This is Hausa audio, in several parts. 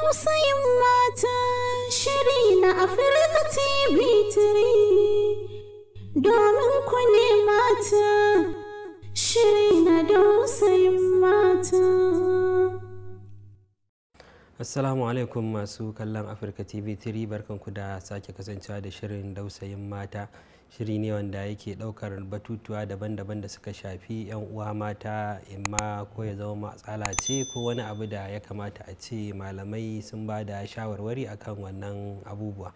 Tausayin mata shiri na Afirka TV 3 domin ku ne mata shiri na tausayin mata. Assalamu alaikum masu kallon Afirka TV 3 barkanku da sake kasancewa da shirin dausayin mata. shiri ne wanda yake ɗaukar batutuwa daban-daban da suka shafi 'yan uwa mata imma ko ya zama matsala ce ko wani abu da ya kamata a ce malamai sun ba da shawarwari akan wannan abubuwa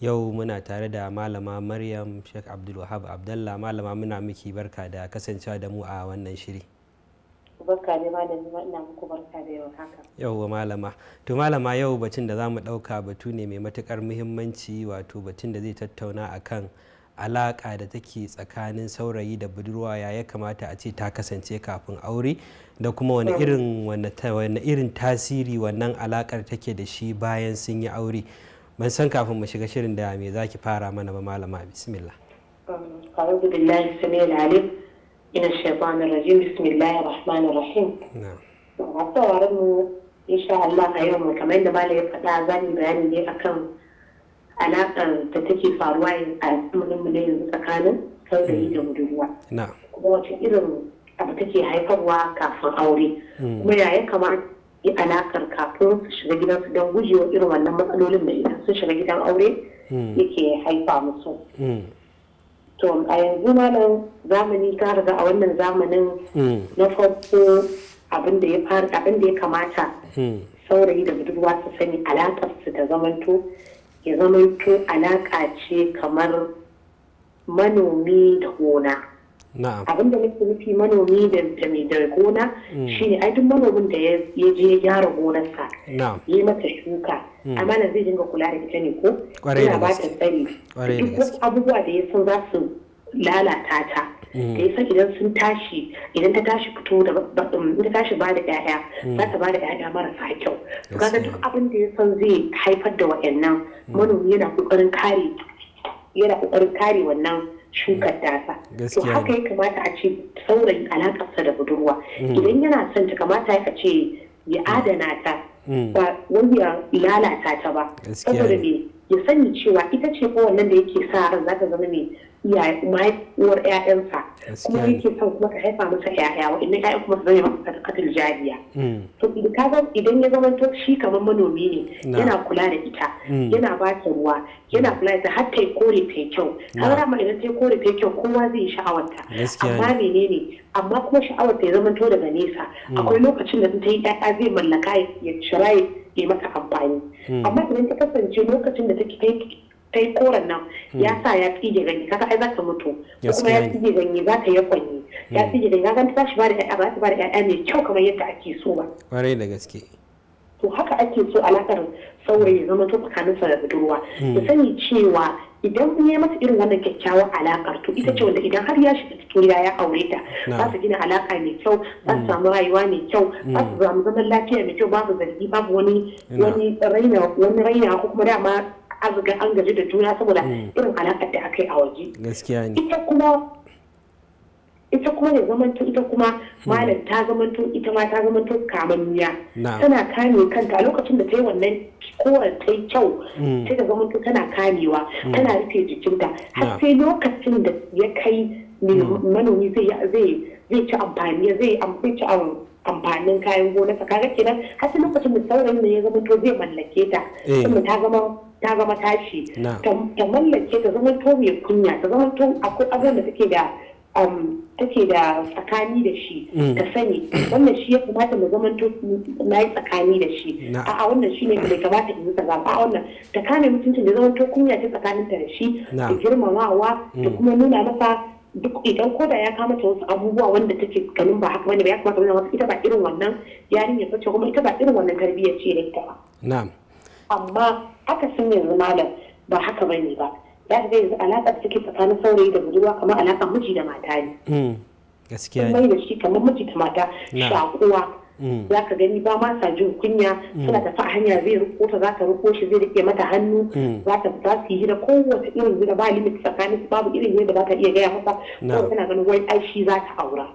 yau muna tare da malama maryam sheikh abdulwahab abdallah malama muna miki barka da kasancewa da mu a wannan shiri ina barka da yau wa malama to malama yau batun da zamu dauka batu ne mai matukar muhimmanci wato batun da zai tattauna akan alaƙa da take tsakanin saurayi da budurwa ya ya kamata a ce ta kasance kafin aure da kuma wani irin wani irin tasiri wannan alaƙar take da shi bayan sun yi aure ban san kafin mu shiga shirin da me za ki fara mana ba malama bismillah أعوذ بالله السميع العليم من الشيطان الرجيم بسم الله الرحمن الرحيم نعم وعطوا إن a yau kamar yadda Malam ya faɗa zan yi bayani ne akan alaƙar da take faruwa a mu na yanzu tsakanin saurayi da hmm. budurwa kuma wata irin abu take haifarwa kafin aure hmm. kuma ya ya kamata yi alaƙar kafin su shiga gidansu don gujewa irin wannan matsalolin da idan sun shiga gidan aure hmm. yake haifa musu to a yanzu malam zamani ta riga a wannan zamanin na farko abin da ya kamata saurayi da budurwa su sani alaƙar su da zamanto ya zama alaƙa ce kamar manomi da gona abin da nake nufi manomi da gona mm. shi ne duk manomin da ya je gyara gonarsa ya mata shuka mm. amma na zai dinga kula da ita ne ko yana ba ta tsari duk abubuwa da ya san za su lalata ta da mm. yasa idan sun tashi idan ta tashi fito da um, ta tashi ba da ƴaƴa mm. za ta ba da ƴaƴa marasa kyau to kaga duk abin da ya san zai haifar da wa'annan mm. manomi yana kokarin kare yana kokarin kare wannan shukar tasa to haka ya kamata a ce saurayi alakarsa da budurwa idan yana son ta kamata ya ce ya adana ta ba wani ya lalata ta ba saboda me ya sani cewa ita ce kowanne da yake sa ran za ta zama mai uwar 'ya'yansa kuma yake kuma ka haifa masa ƴaƴa waɗannan ƴaƴan kuma zama jariya to idan ya zama to shi kamar manomi ne yana kula da ita yana ba ta ruwa yana kula da har ta yi kore ta kyau har rama idan ta yi kore ta kyau kowa zai yi sha'awarta amma menene amma kuma sha'awar ta ya zama to daga nesa akwai lokacin da ta yi 'ya'ya zai mallaka ya shiraye ya maka amfani amma idan ta kasance lokacin da take yi koren nan hmm. ya sa ya tsige ganye kaka ai za ta mutu kuma ya tsige ganye za ta kwanye ya tsige hmm. ganye kaga ta shi ba da ƴaƴa ba ta ba da ƴaƴa mai kyau kamar yadda ake so ba kwarai da gaske to haka ake so alaƙar saurayi zama to sa da budurwa da hmm. sani cewa idan ya masa irin wannan kyakkyawar alaƙar to ita ce wanda idan har ya shiga cikin gida ya aure ta ba su gina alaƙa mai kyau ba su samu rayuwa mai kyau ba su samu zaman lafiya mai kyau babu zargi babu wani wani raina wani raina ko kuma dama an an gaji da juna saboda mm. irin alaƙar da aka yi a waje gaskiya ne ita kuma ita kuma ya zamanto ita kuma mm. malam ta zamanto ita ma ta zamanto kamanniya tana kame kanta a lokacin da ta yi wannan koren ta yi kyau mm. sai da zamanto tana kamewa tana rufe jikinta har sai lokacin da ya kai manomi zai zai ci amfani zai ci amfanin kayan gona kaga kenan har sai lokacin da saurayin da ya zamanto zai mallake ta eh. ta zama ta zama tashi ta mallake ta zama to mai kunya ta zama to akwai abin da take da um, take da tsakani da shi mm. ta sani wannan shi ya kamata mu zama to na yi tsakani da shi a wannan shi ne bai kamata in yi kaza ba wannan ta kame mutuncin da zama to kunya ta tsakanin ta da shi da girmamawa Ta mm. kuma nuna masa duk idan koda ya kama ta wasu abubuwa wanda take ganin ba haka bane ba ya kamata wannan ita ba irin wannan yarinya ce kuma ita ba irin wannan tarbiyyar ce da ita ba na'am amma haka sun yanzu malam ba haka ba ne ba ya ga yanzu alaƙar take tsakanin saurayi da budurwa kamar alaƙar miji da mata ne mm, gaskiya ne da shi kamar miji da mata shakuwa mm. za ka gani ba ma sa jin kunya suna mm. tafi a hanya zai riko ta za ta riko shi zai rike mata hannu za ta za su yi hira kowace irin hira ba limit tsakanin babu irin yadda da ta iya gaya masa ko tana ganin wai ai shi za ta aura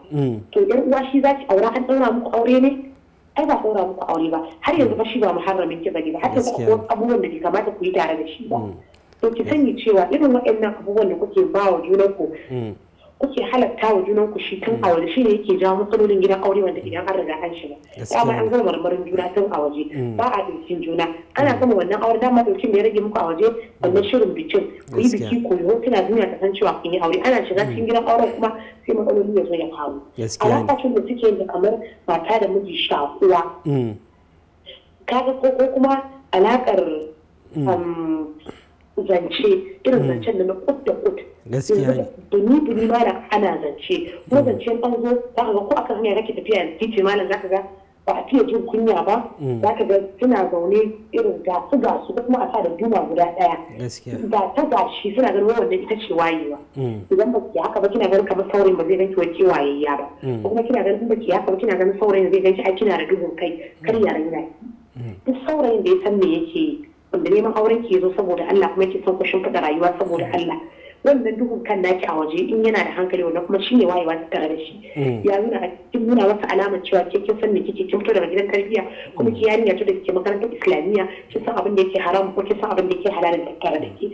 to ɗan uwa shi za ta aura an ɗaura muku aure ne kai ba ɗora muku aure ba har yanzu ba mm. shi ba muharramin ki bane ba har yanzu akwai abubuwan da ke kamata ku yi tare da shi ba mm. to ki sani cewa irin waɗannan abubuwan da kuke ba wa junanku mm. kuke halatta wa junan ku shi tun a waje shi ne yake jawo matsalolin gidan aure wanda idan an riga an shiga dama an gama marmarin juna tun a waje mm. ba a ɗaukin juna ana mm. gama wannan aure dama ɗaukin da ya rage muku a waje wannan shirin bikin ku yi biki ku yi hotuna duniya ta san cewa kun yi aure ana shiga cikin mm. gidan auren kuma sai matsaloli ya zo ya faru a lokacin da suke da kamar mata da miji shakuwa kaga ko kuma alakar um, zance irin hmm. zancen da na kut da kut gaskiya ne dumi dumi malam ana zance ko hmm. zancen zo za ka ga ko akan hanya kake tafiya yanzu titi malam za ka ga ba a fiye jin kunya ba hmm. za ka ga suna zaune irin gasu gasu ko kuma a sa da duma guda daya ga ta gashi suna ganin wanda ita ce wayewa idan ba ki haka ba kina ganin kamar saurayin ba zai ganki wa ki wayayya ba ko kuma kina ganin ba ki haka ba kina ganin saurayin zai ganki a kina da duhun kai kar yaran yana duk saurayin da ya san me yake yi wanda neman auren ki zo saboda Allah kuma ki son ku shimfiɗa rayuwa saboda Allah wannan duhun kan naki a waje in yana da hankali wannan kuma shine wayewa ta tare da shi mm. ya nuna a cikin nuna masa alamar cewa ke kin san me kike kin fito daga gidan tarbiyya kuma mm. ki yarinya to da kike makarantar islamiyya kin san abin da yake haram ko kin san abin da yake halal da tare da ki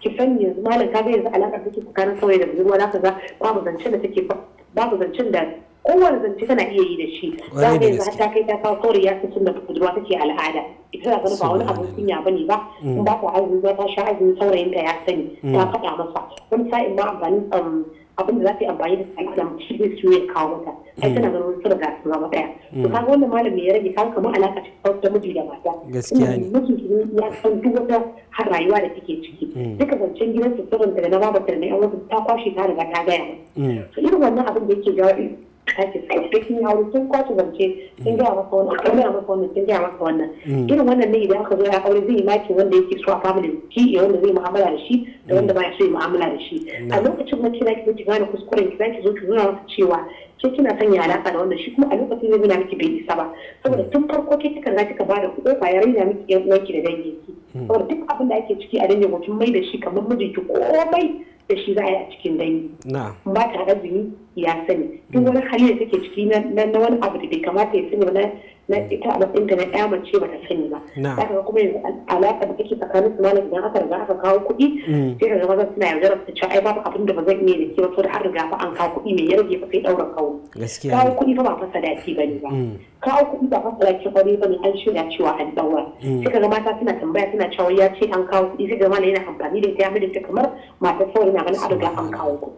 ki san yanzu malam kaga yanzu alaƙar take tsakanin saurayi da budurwa zaka ga babu zancen da take babu zancen da kowane zance tana iya yi da shi za ka yanzu ta kai ta kawo saurayi ya sun da budurwa take al'ada ita za ta ba wani abun kunya ba ne mm. ba in ba ku azumi za ta sha azumi saurayin ta ya sani mm. ta faɗa masa wani sa'in ma amfani um, abin da za ta yi amfani da al'ada shi ne su ya kawo mata ai mm. tana ganin wasu daga su zama ɗaya to ka ga wannan malami ya rage ka kamar alaƙa cikin da miji da mata gaskiya ne miji ya san duk wata har rayuwa da take ciki duka zancen gidan su sirrin daga na babatar na yan ta kwashe ta riga ta gaya to irin wannan abin da yake jawo aikin sai kin aure kin kwace zance sun ga maka wannan kin ga maka wannan kin ga maka wannan irin wannan ne idan aka zo ya aure zai maki wanda yake so a family ki ya wanda zai mu'amala da shi da wanda ba ya so ya mu'amala da shi a lokacin mace na ki ki gane kuskuren ki zaki zo ki nuna masa cewa ke kina son ya alaka da wannan shi kuma a lokacin zai nuna miki bai isa ba saboda tun farko ke kika za kika bada kofa ya raina miki yan uwanki da danginki kamar mm. duk abin da ake ciki a dangi mutum mai da shi kamar mijinki komai da shi za a yi a cikin dangi ba ta azumi ya sani duk wani hali da take ciki na wani abu da bai kamata ya sani ba na ita a matsayin ta na ɗaya mace ba ta sani ba za ka ga kuma yanzu alaƙa da take tsakanin su malam idan aka riga aka kawo kuɗi mm. sai ka ga maza suna yaudarar su cewa ai babu abin da ba zan iya da ke ba da an riga ba an kawo kuɗi mai yarge ba sai ɗaura kawo kawo kuɗi fa ba fasa dace ba ne ba mm. kawo kuɗi ba fasara ce kwarai ba ne an shirya cewa an daura mm. suka ga mata suna tambaya suna cewa ya ce an kawo kuɗi suka ga yana amfani da ita ya mai ta kamar mata sauri na ganin an an kawo kuɗi.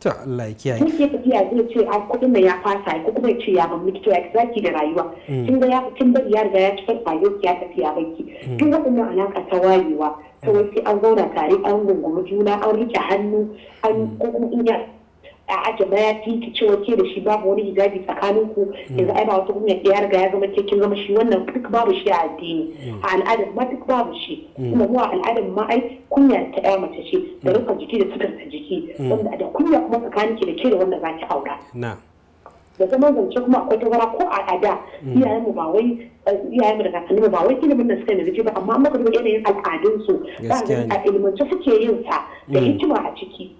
to Allah ya kiyaye ya tafiya zai ce a kuɗin da ya fasa ko kuma ya ce ya ban miki to zaki da rayuwa mm. kin ga ya kin bari ya riga ya ci farfa yau ya tafi ya banki mm. kin ga kuma alaka ta wayewa kawai sai an zauna tare an gungumi juna an rike hannu an kuma in a aje mayafi ki cewa ke da shi babu wani hijabi tsakanin ku yanzu ai ba wata kunya ya riga ya zama ke kin zama shi wannan duk babu shi a addini mm. a al'adar ma duk babu shi mm. kuma mu a al'adar ma ai kunya ta ɗaya mace ce mm. da rufa jiki da ta jiki wanda da kunya kuma tsakanin ke da ke da wanda za ki aura da zama zance kuma akwai tawara ko a ada iyayen mu ba wai eh, iyayen mu da kakanni mu ba wai ilimin da suka nufi ba amma maka duba yanayin al'adun su ba a ilimance suke yin sa da hikima a ciki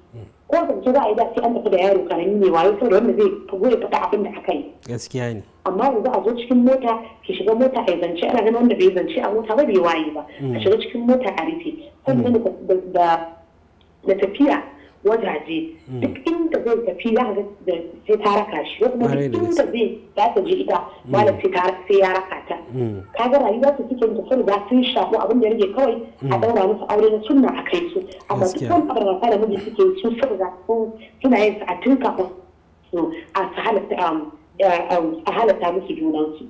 ko zance za a yi da sai an tafi da yaro karami ne wayo saboda wanda zai fago ya faɗa abin da aka yi gaskiya ne amma yanzu a zo cikin mota ki shiga mota a zance ana ganin wanda bai zance a mota ba bai waye ba a mm. shiga cikin mota a rufe sannan mm. da tafiya wajaje hmm. duk inda zai tafi za ga sai ta raka shi wasu mutum duk inda zai za ta je ita hmm. malam sai sai ya raka ta hmm. ga rayuwa su cikin da sun ba sun shafu abin da rage kawai a daura musu aure na sunna a kai su amma duk wani abarrafa da miji suke su saboda su suna yin su a tun kafin su a um, eh, um, halatta musu junansu.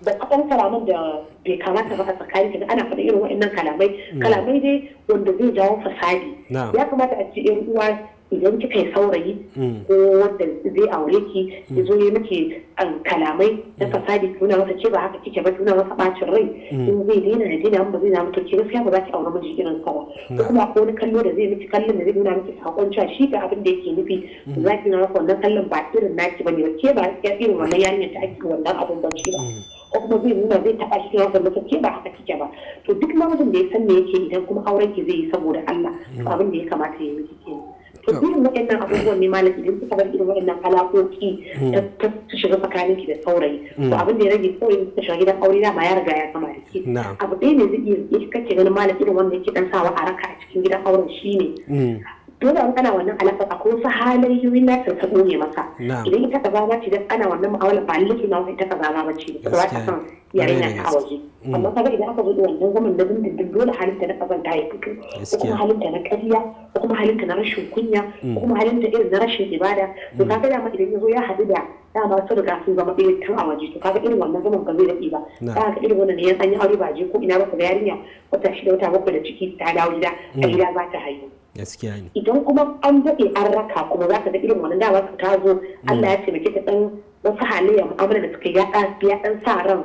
da kaɗan kalaman da bai kamata ba a tsakani kaga ana faɗa irin waɗannan kalamai mm. kalamai dai wanda zai jawo fasadi ya kamata a ce yan uwa idan kika yi saurayi mm. ko wanda zai aure ki mm. ya zo ya miki um, kalamai na fasadi tuna masa ce ba haka kike ba tuna masa bacin rai in zai daina da daina ba zai na mutu ke gaskiya ba za ki aure miji irin sa ba ko kuma ko wani kallo da zai miki kallon da zai nuna miki sakon cewa shi ga abin da yake nufi za ki na masa wannan kallon ba irin naki ne ba ke ba irin wannan yarinya ta ake wannan abin ba shi ba ko nuna zai taɓa shi ya zama ke ba haka kike ba to duk namijin da ya san me yake idan kuma auren ki zai yi saboda Allah to abin da ya kamata ya yi kenan to irin waɗannan abubuwan ne malam idan kuka bar irin waɗannan alaƙoƙi hmm. ta shiga tsakanin ki da saurayi to hmm. abin da ya rage saurayi ta shiga gidan aure dama ya riga ya kama da ke abu ɗaya ne zai iya kake ganin malam irin wanda yake dan sawa a raka a cikin gidan auren shine hmm. dole an kana wannan alaƙa a kuma halayyoyin na ta ɓoye maka idan ita kaza ba ce dan ana wannan ma'awala ba lalle ma ita kaza ba ce ba ta san yarinya ta a waje amma mm. kaga idan aka zo wannan zaman na dindindin dole halinta na ta ya fito ko kuma halinta na ƙarya ko kuma halinta na rashin kunya ko mm. kuma halinta irin na rashin ibada to mm. kaga dama idan ya zo ya haɗu da dama su riga sun zama irin tun a waje to kaga irin wannan zaman ba zai daɗe ba za ka irin wannan ne ya sanya aure ba je ko ina ba ka yarinya wata shida wata bakwai da ciki ta dawo gida a gida za ta haihu gaskiya ne idan kuma an daɗe an raka kuma za ka ga irin wani dama su tazo mm. Allah ya ce mace ta ɗan wasu halayya mu'amala da suka ya ya ɗan sa ran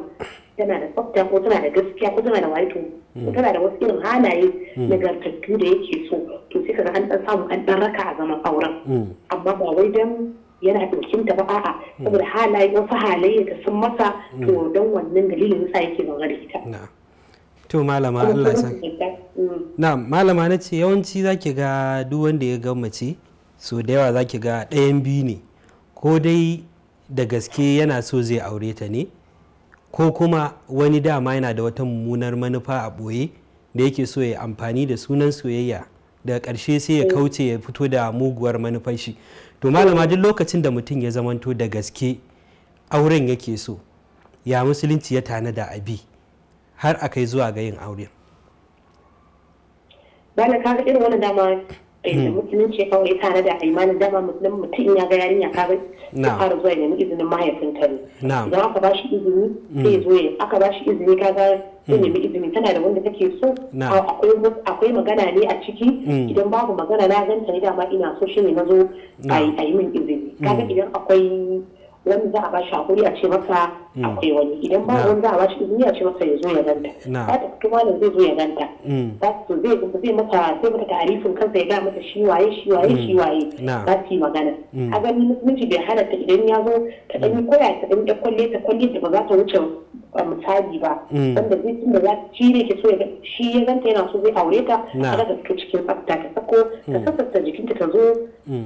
tana da tsafta ko tana da gaskiya ko tana da waito ko mm. tana da wasu irin halaye mm. gartattu da yake so to sai ga an ɗan samu an ɗan raka a zaman auren amma ba wai dan yana ɗaukin ta ba a'a saboda halaye wasu halayya ta sun masa to don wannan dalilin sa yake magana ita to malama Allah ya mm. na malama na ce yawanci zaki ga duk wanda ya gammace so da yawa zaki ga ɗayan biyu ne ko dai da gaske yana so zai aure ta ne ko kuma wani dama yana da wata mummunar manufa a ɓoye da yake so ya amfani da sunan soyayya daga ƙarshe sai ya mm. kauce ya fito da muguwar manufar shi to malama duk lokacin da mutum ya zamanto da gaske auren yake so ya musulunci ya tanada abi har a kai zuwa ga yin aure bana kaga irin wani dama eh, hmm. musulunci ya kawai tare da imanin dama musulun mutum ya ga yarinya kaga ya fara zuwa nemi izinin mahaifin Na. ne idan aka ba shi izini sai hmm. zo ya aka ba shi izini kaga sai nemi hmm. izini tana da wanda take so akwai magana ne a ciki idan babu magana na ganta ne dama ina so shi ne na zo a yi min izini kaga idan akwai wani za a ba shi hakuri a ce masa mm. akwai wani idan ba wani za a ba shi izini a ce masa ya zo ya ganta ba ta fito malam zai zo ya ganta mm. za su zai zai masa zai mata tarifin kansa ya ga mata shi waye shi waye mm. shi waye ba su yi magana a gani miji bai hana ta idan ya zo ta ɗan koya ta ɗan kwalle ta kwalle ta ba za ta wuce misali ba wanda zai tun da za ta cire ke so shi ya ganta yana so zai aure ta ta fito cikin tsafta ta sako ta sassafta jikinta ta zo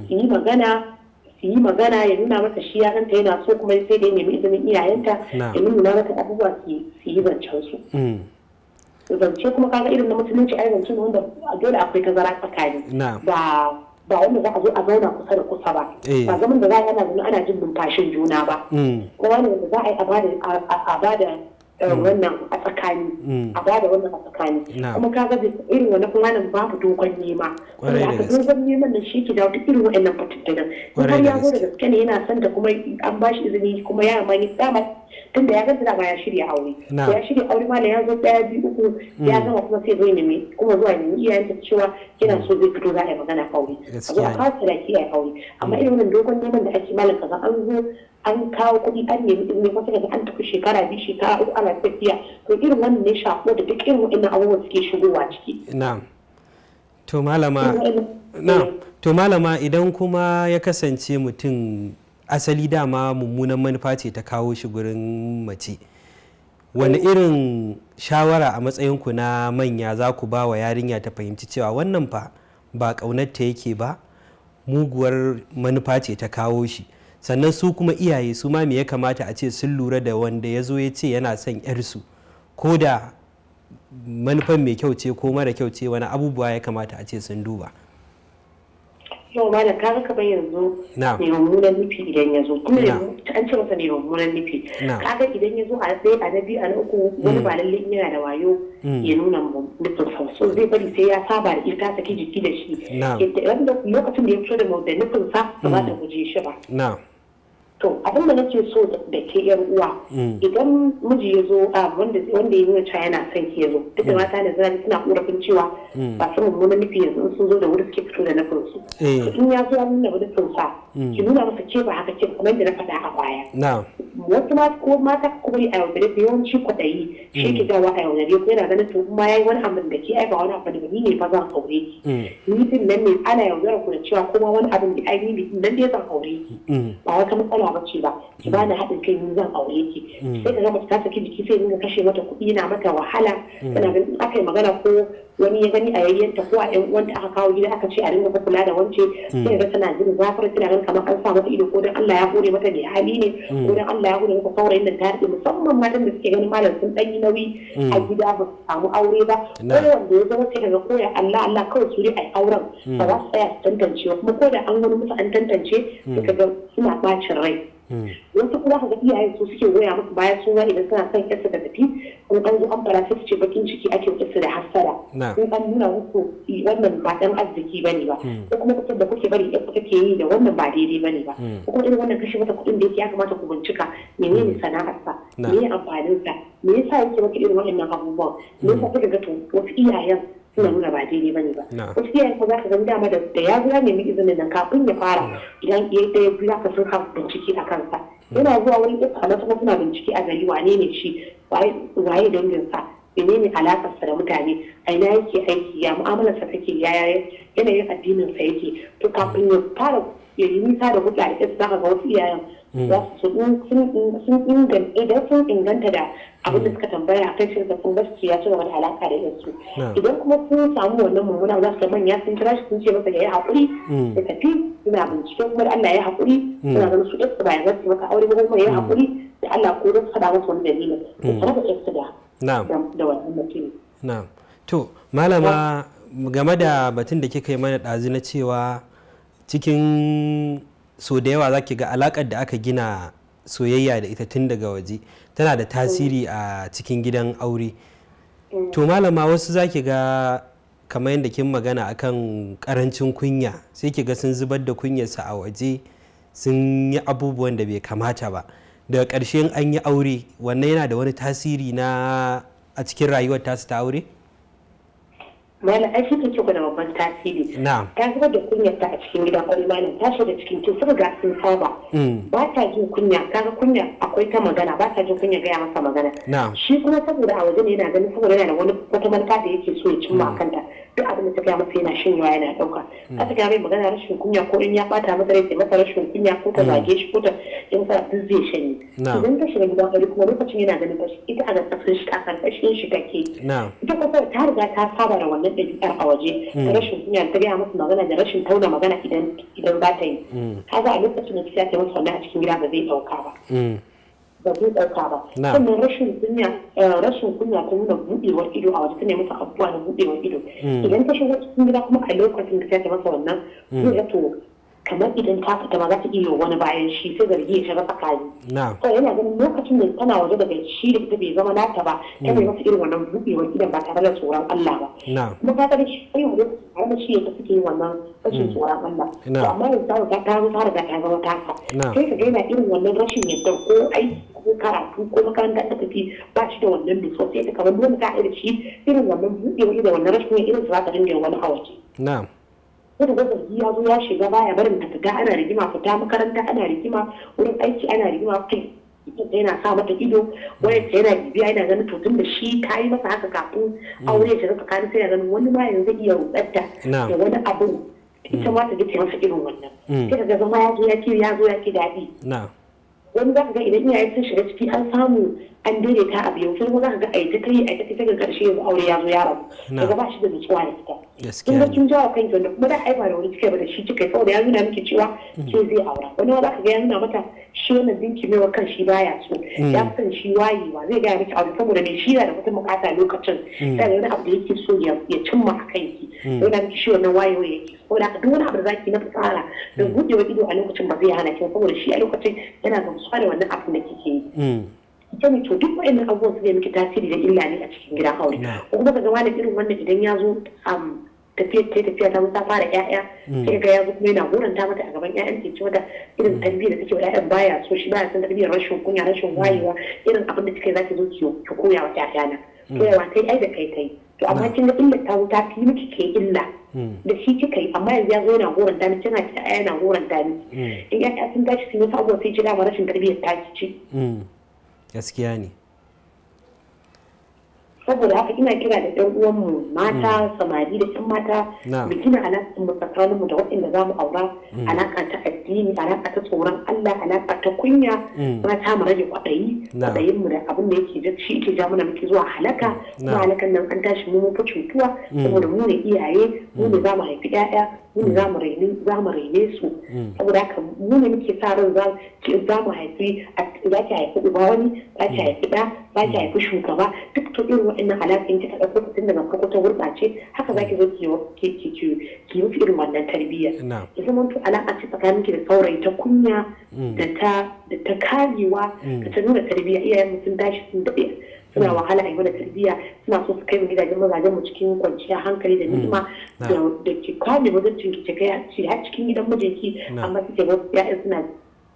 yi magana su yi magana ya nuna mata shi yaranta yana so kuma sai da ya nemi izinin iyayenta ya nuna mata abubuwa su yi zancen su mm. zance kuma kaga irin na musulunci a zance wanda wanda dole akwai tazara tsakani ba ba wanda za a zo a zauna kusa da kusa ba eh. ba zaman da za a yi ana ana jin numfashin juna ba mm. kowa ne da za a yi a bada Eh, mm. wannan a tsakani mm. a bada wannan a tsakani kuma ka ga irin wani kuma nan babu dogon nema kuma aka dogon neman nan shi ke dawo duk irin wa'annan fatattunan kuma ya zo da gaske ne yana son da kuma an ba shi izini kuma ya ma ni dama tunda ya gaza ba ya shirya aure ya shirya aure ma ya zo daya biyu uku ya mm. gama kuma sai zai nemi kuma zuwa nemi iyayen ta cewa yana so zai fito za a yi magana aure a zo a fasa da kiyaye aure amma irin wannan dogon neman da ake malaka ga an zo an kawo kuɗi an nemi ilimi wasu sai an tafi shekara biyu shekara uku ana tafiya to irin wannan ne shafo da duk irin wa'annan abubuwan suke shigowa ciki na'am eh. to malama idan kuma ya kasance mutum asali dama mummunan manufa ce ta kawo shi gurin mace wani eh. irin shawara a matsayinku na manya za ku ba wa yarinya ta fahimci cewa wannan fa ba ƙaunar ta yake ba muguwar manufa ce ta kawo shi sannan su kuma iyaye su ma me ya kamata a ce sun lura da wanda ya zo ya ce yana son yarsu ko da manufan mai kyau ce ko mara kyau ce wani abubuwa ya kamata a ce sun duba yau ma da kaga kamar yanzu ne mummunan nufi idan ya zo kuma an ce masa ne mummunan nufi kaga idan ya zo a sai a na biyu a na uku wani mm. ba lalle yana da wayo mm. ya nuna nufin sa so zai bari sai ya saba da ita saki jiki da shi yadda lokacin da ya fito da nufin sa ba za ta mm. guje shi ba to abin da nake so da ke yar uwa mm. idan miji ya zo ah, wanda wanda ya nuna cewa yana son ki ya zo duk da mm. mata ne zan suna korafin cewa mm. ba su mun nufi yanzu sun zo da wuri suke fito da na su, eh. in ya zo nuna wani fursa ki nuna masa ce ba haka ke kamar da na faɗa a baya wasu ma ko mata kuma yi a yaudare da yawanci kwaɗayi shi ke dawa a yaudare ko yana ganin to kuma ya yi wani abin da ke ba wani abu da ni ne fa zan aure ki ni din nan ne ana yaudara ku da cewa kuma wani abin da ai ni nan ne zan aure ki ba wata matsala ba ki ba ki haɗin kai zan aure ki mm. sai ka ga mace ta saki jiki sai ka kashe mata kuɗi na mata wahala tana mm. ganin in aka yi magana ko wani ya gani a ta ko a yan uwanta aka kawo gida aka ce a dinga kula da wance hmm. sai ga tana jin zafar tana ganin kamar an sa mata ido ko dan Allah ya hore mata da hali ne hmm. ko dan Allah ya hore mata saurayin da ta haɗe musamman matan da suke ganin malam sun ɗanyi nauyi hmm. a gida ba su samu aure ba ko wanda ya zama sai daga koya Allah Allah kawai su dai a auren ba za su tsaya su tantance kuma ko da an wani musu an tantance suka ga suna bacin rai Hmm. wasu kuma ka ga iyayen su suke goya musu bayan su ma idan suna son yarsa da tafi in an zo an fara su ce bakin ciki ake yarsa da hassara in an nuna muku wannan ba dan arziki ne ba hmm. ko kuma kusur da kuke bari yadda yi da wannan ba daidai ba ne hmm. ba ko kuma wannan kashe mata kuɗin da yake ya kamata ku bincika menene sana'arsa me amfanin sa me yasa yake maka irin wannan abubuwan me yasa kuka ga to wasu iyayen suna nuna ba daidai bane ba wasu yayin ko za ka gani dama da ya zuwa nemi izinin nan kafin ya fara idan iya ɗaya biyu za ka sun ka bincike a kansa yana zuwa wani ɗaya kwanan kuma suna bincike a gari wane ne shi waye danginsa mene ne alakarsa da mutane a ina yake aiki ya mu'amalarsa take ya yanayin addininsa yake to kafin ya fara ya yi nisa da mutane za ka ga wasu iyayen Mm. za su sun inganta idan sun inganta da abin da mm. suka tambaya a kan shi da sun basu ya ci gaba da alaka da yansu idan kuma sun samu wannan mummuna za su manya sun kira shi sun ce masa mm. ya yi haƙuri da tafi suna bincike kuma da Allah ya haƙuri suna ganin su ɗansu ba ya zarce maka aure ba kuma ya yi haƙuri da Allah ko don faɗa masa wani dalilin da ta raba ɗansu da da wannan mutum. Na'am. To, malama game da batun da kika yi mana ɗazu na cewa cikin so da yawa zaki ga alakar da aka gina soyayya da ita tun daga waje tana da tasiri mm. a cikin gidan aure mm. to malama wasu zaki ga kamar yadda kin magana akan karancin kunya sai ki ga sun zubar da kunyarsa a waje sun yi abubuwan da bai kamata ba daga ƙarshen an yi aure wannan yana da wani tasiri na a cikin rayuwar tasu ta aure? malam ai sun ke gwada babban tasiri ta zuba da kunya ta a cikin gida kwari malam ta shiga cikin tun sun ga sun saba mm. ba ta jin kunya kaga kunya akwai ta magana ba ta jin kunya gaya masa magana shi kuma saboda a waje ne yana ganin saboda yana da wani wata manufa da yake so ya cimma a mm. kanta duk abin da ta gaya masa yana shanyewa yana ɗauka ka ta gaya mai magana rashin kunya ko in ya ɓata masa rai masa rashin kunya ko ta hmm. zage shi ko ta in sa duk zai shanye idan ta shiga gidan aure kuma lokacin yana ganin ta ita a ƙarƙashin shi a ƙarƙashin shi take ita kuma ta riga ta saba da wannan ɗabi'ar a waje hmm. da rashin kunya ta gaya masa magana da rashin tauna magana idan idan za ta yi hmm. kaga a lokacin da ta yi masa wannan a cikin gida ba zai ɗauka ba ba zai ɗauka ba sannan rashin kunya rashin kunya ta nuna buɗewar ido a waje ta masa abubuwa na buɗewar ido idan ta shigo cikin gida kuma a lokacin da ta masa wannan zai ga to kamar idan ta fita ma za ta iya wani bayan shi sai zargi ya shiga tsakani. to yana ganin lokacin da tana waje daga shi da ita bai zama nata ba ta mm. bai masa irin wannan buɗewar idan ba tare da tsoron Allah ba. kuma ta ga shi sai wani kuma shi ya ta suke wannan rashin mm. tsoron Allah. to amma yanzu ta riga ta ta riga ta zama tasa. sai ka gaina irin wannan rashin yadda ko aiki ko karatu ko makaranta ta tafi ba shi da wannan nutsuwa sai ta kamar dole ta irin shi irin wannan buɗewar idan wannan rashin irin su za ta dinga wani hawace. na'am. kudu ga zargi ya zo ya shiga baya barin ta fita ana rigima fita makaranta ana rigima wurin aiki ana rigima kai yana sa mata ido wani ta yana bibiya yana ganin to tun da shi ta yi masa haka kafin mm. aure ta rufe kani sai ya ganin wani ma yanzu iya rutsarta da wani abu ita mm. ma ta dace masa irin wannan mm. sai ka ga zama ya zo ya ke ya zo ya ke daɗi wani za ka ga idan iyaye sun shiga ciki an samu an daidaita a biyu sai kuma za ka ga a yi ta kai a ta karshe yanzu aure ya zo ya rabu daga ba shi da nutsuwa da ita kun ga kin jawo kanki wanda kuma da ai ba da wani cike ba da shi cike saboda ya nuna miki cewa ke zai aura wani za ka ga ya nuna mata shi wannan dinkimewa kan shi baya so mm. ya san shi wayewa zai gaya miki abu saboda mai shi da wata bukata lokacin sai mm. wani abu da yake so ya cimma a ki yana mm. miki shi wannan wayewa yake saboda da duk wani abu da zaki na fitsara da gudewa ido a lokacin ba zai hana ki saboda shi a lokacin yana gamsuwa da wannan abu da kike yi ita to duk wa'annan abubuwan su ne miki tasiri da illa ne a cikin gidan aure kuma ka ga wani irin wannan idan ya zo tafiyar ce tafiya ta musa fara ƴaƴa sai ga ya zo yana goranta mata a gaban ƴaƴan ke ce mata irin tarbiyyar da take wa ƴaƴan baya so shi baya san tarbiyyar rashin kunya rashin wayewa irin abin da kika zaki zo ki ki koya wa ƴaƴana koyawa yawa kai ai da kai ta to amma kin ga illa ta ta fi miki ke illa da shi kika yi amma yanzu ya zo yana ta ni tana ki ƴaƴa yana goranta ni in ƴaƴa sun tashi sun yi sabuwa sai ki dama rashin tarbiyyar ta ci gaskiya ne saboda haka ina kira da ɗan mu mata mm. samari da ƴan mata mu gina alaƙa mu tsakanin mu da waɗanda za mu aura mm. alaƙa ta addini alaƙa ta tsoron Allah alaƙa ta kunya mm. ta mu rage kwaɗayi kwaɗayin mu da abin da yake da shi yake ja mana muke zuwa halaka kuma halakan nan an tashi mu mu fi cutuwa saboda mu ne iyaye mu ne za mu haifi 'ya'ya. mun mm. za mu raine su mm. saboda haka mu muke sa ran za za mu haifi za ki haifi uba wani za ki mm. haifi da za ki haifi shugaba duk to irin waɗannan alaƙin kika ɗauko ta tun daga farko ta gurɓace haka za ki zo ki ki ki ki yi irin wannan tarbiyya ya zama to alaƙa ce tsakanin ki da saurayi ta kunya da ta da ta karewa da ta nuna tarbiyya iyayen mutum dashi sun daɗe suna mm. wahala a yi wani tarbiyya suna so su kai mu gidajen mazajen mu cikin kwanciya hankali da nima mm. da ke kwame mutuncin ki kai har cikin gidan mijinki amma suke wasu ya'yan suna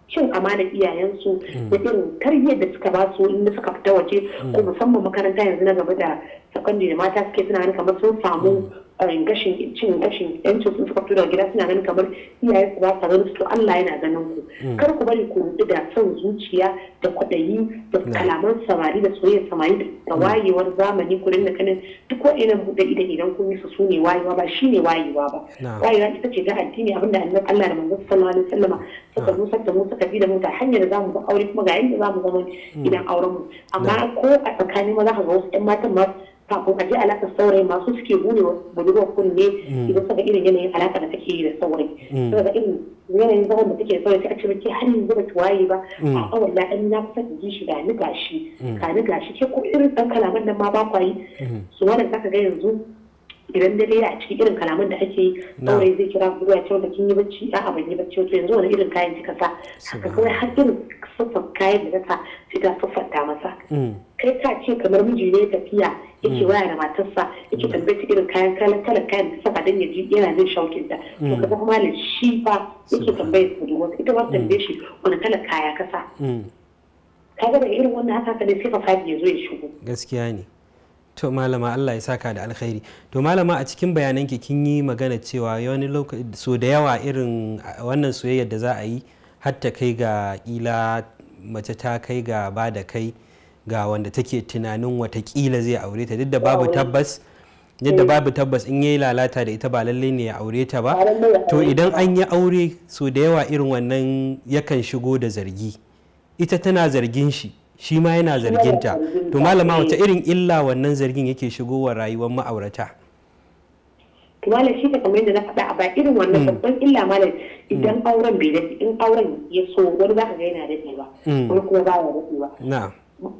cin amanar iyayensu mm. da irin tarbiyyar da suka ba su inda suka fita waje ko musamman makaranta yanzu na gaba da sakandare da mata suke suna kamar sun samu gashin cin gashin yancin sun suka fito daga gida suna ganin kamar iyaye su ba sa ganin to Allah yana ganin ku mm. kar ku bari ku rudu da son zuciya da kwaɗayi da kalaman samari da soyayya samari da mm. wayewar zamani ku rinna kanin duk waɗannan buɗe idan idan kun yi su su wayewa ba shi ne wayewa ba wayewa ita ce da addini abinda annabi Allah da manzon sallallahu alaihi wasallam suka zo da mu suka bi da mu ta hanyar da zamu ba aure kuma ga yanda zamu zama mm. idan auren mu amma ko a tsakanin maza ka ga wasu ƴan matan ma kafin ka ji alakar saurayi masu suke bude budurwar kunne mm. idan saka irin yanayin alaka da take da saurayi mm. saboda irin yanayin zaman da take saurayi sai a ce ke har yanzu ta waye ba mm. a awon la'an na kusa da ji shi ga ni gashi ka ni gashi ke ko irin ɗan kalaman nan ma ba su wannan zaka ga yanzu idan dare a cikin irin kalaman da ake saurayi zai kira ku ya ce wanda kin yi bacci a'a ban yi bacci wato yanzu wani irin kayan kika sa haka kawai har irin siffar kayan da ta sai ta siffanta masa mm. kai ka ce kamar miji ne tafiya yake mm. waya da matarsa yake tambayar irin kayan kalan kalan kayan da saka dan ya ji yana jin shaukin ta to mm. kaga kuma malam shi fa yake tambayar su da wata ita ba tambaye shi wani kalan kaya kasa kaga da irin wannan haka ne sai ka fadi ya zo ya shigo gaskiya ne to malama Allah ya saka da alkhairi to malama a cikin bayanan ki kin yi magana cewa wani lokaci so da yawa irin wannan soyayyar da za a yi har ta kai ga kila mace ta kai ga ba da kai ga wanda take tunanin wata kila zai aure ta duk da babu tabbas yadda eh. babu tabbas in yayi lalata da ita ba lallai ne ya aure ta ba to idan an yi aure so da yawa irin wannan yakan shigo da zargi ita tana zargin shi shi ma yana zarginta to malama wace eh. irin illa wannan zargin yake shigowa rayuwar ma'aurata to malam shi kamar yadda na faɗa a ba irin wannan hmm. babban illa malam hmm. idan auren bai dace in auren ya so wani za ka ga yana ba, hmm. wani kuma ba ya ba.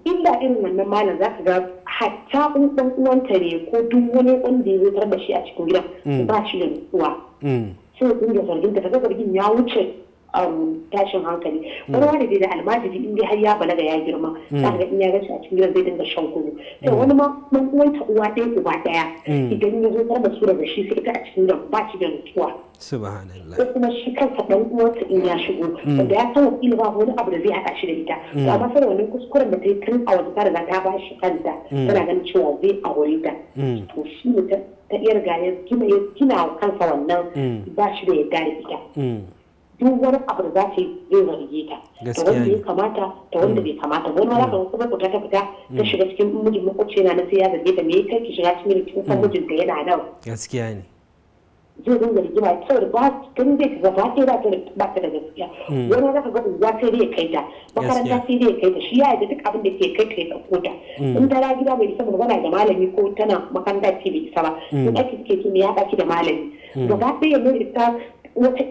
illa irin wannan malam za ka ga hatta in ɗan uwanta ne ko duk wani wanda ya zo tarbashi shi a cikin gidan ba shi da nutsuwa sai ya da zargin ta zargin ya wuce Um, tashin hankali hmm. wani wani da almajiri in dai har ya balaga ya girma hmm. ga in ya gaci a cikin gidan zai dinga shan kunu sai hmm. wani ma mun ta uwa ɗaya uba ɗaya idan ya zo da su da shi sai ita a cikin gidan ba shi da nutsuwa subhanallah ko kuma shi kansa dan uwansa in ya shigo wanda ya san wakili ba wani abu da zai haɗa shi da ita to amma sai wani kuskuren da ta yi tun a wata riga ta ba shi kanta tana ganin cewa zai aure ta to shi ne ta iya riga ya gina kansa wannan ba shi da yarda da ita duk wani abu da za ta yi zai zarge ta wanda ya kamata da wanda mm. bai kamata wani wani kuma fita ta fita ta mm. shiga cikin mijin makwabci na sai ya zarge ta me yake ki shiga cikin mijin ka mm. yana nan gaskiya ne zai dinga rigima ta ba kan zai ta zaba ta ta ba ta da gaskiya wani ga sai dai ya kai ta makaranta sai dai ya kai ta shi ya duk abin da ke kai ta ya ta in ta gida bai isa magana da malami ko tana makaranta ce bai isa ba in ake suke ce me ya ɗaki da malami gaba ɗaya ne ta wata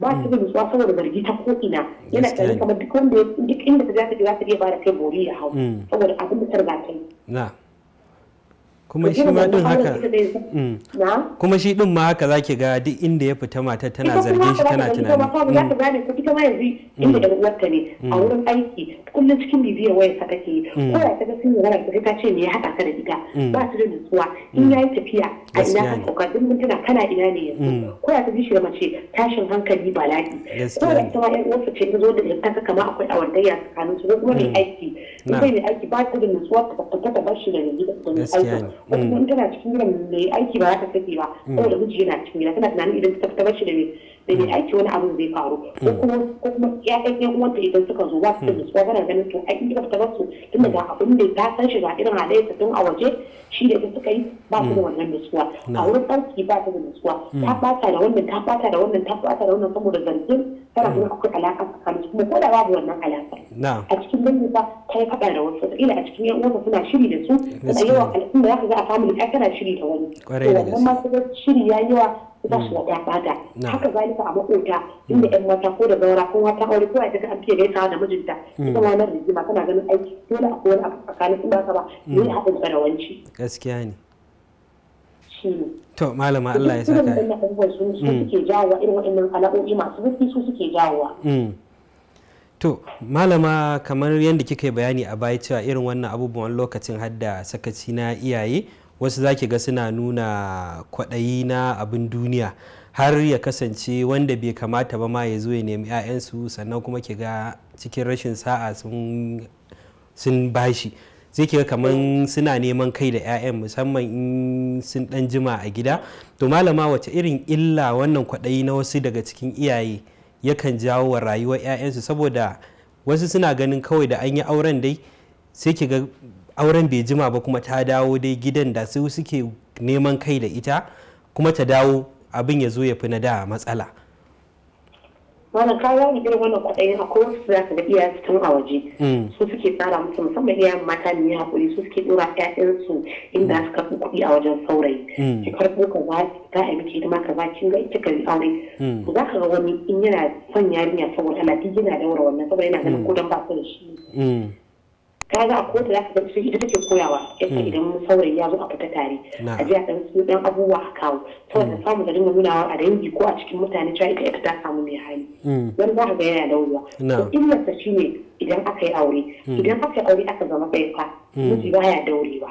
ba su da mm. nutsuwa saboda zargi ta ko ina yana tare kamar duk wanda duk inda ta za ta ji za ta iya ba da kai bori ya hau mm. saboda abin da ta riga ta yi kuma shi ma din haka mm. kuma shi din ma haka zaki ga duk inda ya fita matar tana zargin shi tana tunani ita kuma za ta mm. gane ko ita ma yanzu mm. inda da uwarta ne a wurin aiki kullum cikin bibiyar waya ta kake yi ko ya kaga sun yi ranar ta ce me ya haɗa ka da diga ba su da nutsuwa in ya yi tafiya a ina ka sauka duk mun tana kana ina ne yanzu ko ya ta shi da mace tashin hankali ba lafi ko ya ita ma yan ce ta zo da ta kama akwai awantayya tsakanin su ko kuma mai aiki sai mai aiki ba ta da nutsuwa ta bashi da da mai aiki tana cikin gidan mai aiki ba za ta sake ba saboda miji yana cikin gida tana tunanin idan ta bashi da mai aiki wani abin zai faru ko kuma ko kuma uwanta idan suka zo ba su da nutsuwa tana ganin to ai in ta tabbata su tun daga abin da ta san shi ba irin halayyarsa tun a waje shi da ta suka yi ba su da wannan nutsuwa a wurin aiki ba ta da nutsuwa ta bata da wannan ta da wannan ta da wannan saboda zargin tana mm. ganin kuka alaka tsakanin kuma ko da babu wannan alaka a cikin dangi ba ta yi faɗa da wasu ila a cikin yan uwansa suna shiri da su a yawan al'umma za ka ga a family ɗaya tana shiri da wani to wannan ma su shiri ya yi yawa za su mm. waɗa bada haka zalika a maƙota mm. inda yan mata ko da zaura ko mata aure ko ai ka an fiye gaisawa da mijinta ita ma nan rigima tana ganin aiki dole akwai wani abu tsakanin su ba ka ba ne haɗin ƙarawanci gaskiya ne to malama Allah ya saka abubuwan su mm. suke jawo irin wa'annan alaƙoƙi masu zurfi su suke jawowa mm. to malama kamar yadda kika yi bayani a baya cewa irin wannan abubuwan lokacin hadda sakaci na iyaye wasu zaki ga suna nuna kwaɗayi na abin duniya har ya kasance wanda bai kamata ba ma ya zo ya nemi 'ya'yansu sannan kuma ki ga cikin rashin sa'a sun bashi sai kiga kamar suna neman kai da 'ya'yan musamman in sun dan jima a gida to malama wace irin illa wannan kwaɗayi na wasu daga cikin iyaye yakan jawo wa rayuwar 'ya'yansu saboda wasu suna ganin kawai da an yi auren dai sai kiga auren bai jima ba kuma ta dawo dai gidan da su suke neman kai da ita kuma ta dawo abin ya zo ya fi na da matsala wani kawo ne irin wannan kwaɗayin akwai wasu za su da iya su a waje mm. su suke tsara musu musamman iya mata ne hakuri su suke ɗora ƴaƴansu inda mm. su karɓi kuɗi a wajen saurayi mm. ki karɓo ka za ka a miki hidima ka za kin ga ka yi aure to za ka ga wani in yana son yarinya saboda Allah duk yana daura wannan saboda yana ganin ko dan ba su da shi ka za a kotu za ka ga su ita take koyawa yasa hmm. idan saurayi ya zo a fita tare a ji ɗan su ɗan abubuwa a kawo saboda hmm. samu da dinga nunawa a dangi ko a cikin mutane cewa ita ita ta samu mai hali hmm. wani za ka ga yana daurewa to illarsa shine idan aka yi aure idan aka yi aure aka zama fa miji baya daurewa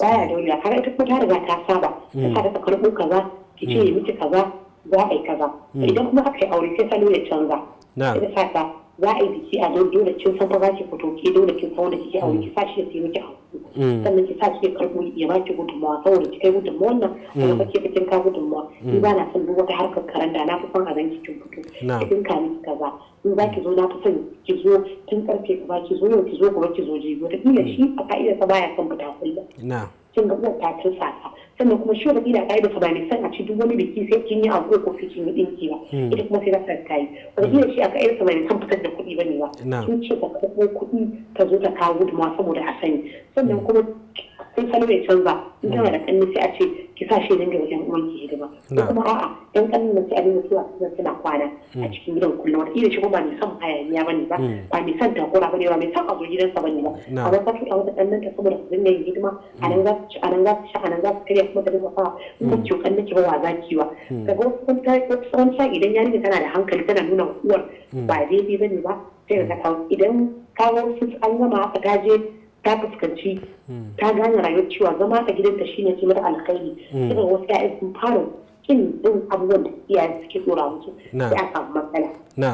baya daurewa har ita kuma ta riga ta saba ta sa ta karɓo kaza ki ce miki kaza za a yi kaza idan kuma aka yi aure sai salo ya canza. Na'am. Ita sa za a yi biki a don dole kin san fa baki fito ke dole kin san wanda kike aure ki sa shi ya sayi miki hakuri mm. sannan ki sa shi ya karbo ya ba ki gudunmawa saboda ki kai gudunmawa wannan kuma kake fitin ka gudunmawa ni mm. ba na son duk wata harkar karanta na fi son a zan kin fito kin kani ki kaza in ba ki zo na fi son ki zo tun karfe ka ba ki zo yau ki zo gobe ki zo jibi wata kila shi a ka'ida ta baya son fita kullum sun ga ta tursa sannan kuma shi wata kila da samani san a ci duk wani biki sai kin yi aure ko sai kin yi dinki ba hmm. ita kuma sai rasa ta yi wani iya shi aka yi samani san fitar da kuɗi ba ne ba sun ce ka kuɗi ta zo ta kawo gudunmawa saboda a sani sannan kuma sai salo ya canza in gama mm. da kanni sai a ce ki sa shi dinga wajen uwan ki hidima ko kuma a'a dan kanni da sai a dinga Suwa suna suna kwana a mm. cikin gidan kullum wata kila shi kuma mai son hayaniya bane ba mm. ba mai son takura bane ba mai son a zo gidansa bane ba a wata kashi a wata nan ta saboda su dinga yin hidima a nan za su ci a nan za su a nan za su karya kuma ta dinga fa ko ki kanni ki ba wa za ki wa daga wasu tsawon sa idan yarinya tana da hankali tana nuna uwar ba daidai bane ba sai ka idan kawo su an gama aka ta je ta fuskanci ta gane rayuwar cewa zama a gidanta shine ce mata alkhairi sai hmm. wasu ya'yan sun fara kin din abubuwan da iyaye suke tsora musu sai a samu matsala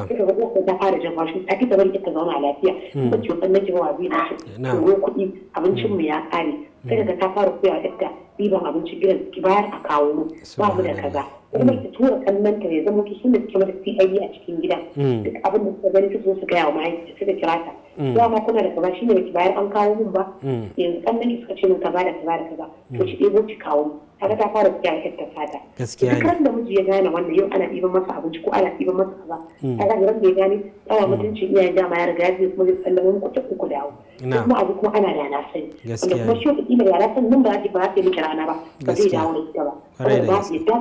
sai ka ga ta fara jan washin a kika bari zauna lafiya ba hmm. ce wannan ki wa bi na shi ko kuɗi abincin mu ya kare hmm. sai ka ta fara koya yadda ɗiban abincin gidan ki bayar a kawo mu ba mu da kaza kuma ki tura kallon ta ya zama ki shine suke mata CID a cikin gida duk abin da suka gani su zo su gaya wa mahaifi suka kira ta Mm. dama kuna da kaza shine baki bayar an kawo mun ba mm. yanzu kan nan suka ce mun ba da ba da ba. to mm. shi ɗebo ki kawo kaga ta fara tsaya ta ta fata gaskiya ne da miji ya gane wannan yau ana ɗiban masa abinci ko ana ɗiban masa kaza kaga ran da ya gane ana mutunci iyaye dama ya riga ya zai kuma zai tsalla mun kuta ku dawo kuma abu kuma ana da na sani wanda kuma shi wata da yara sani nan ba za ta yi miki rana ba ba zai dawo da ita ba saboda ba su yadda su.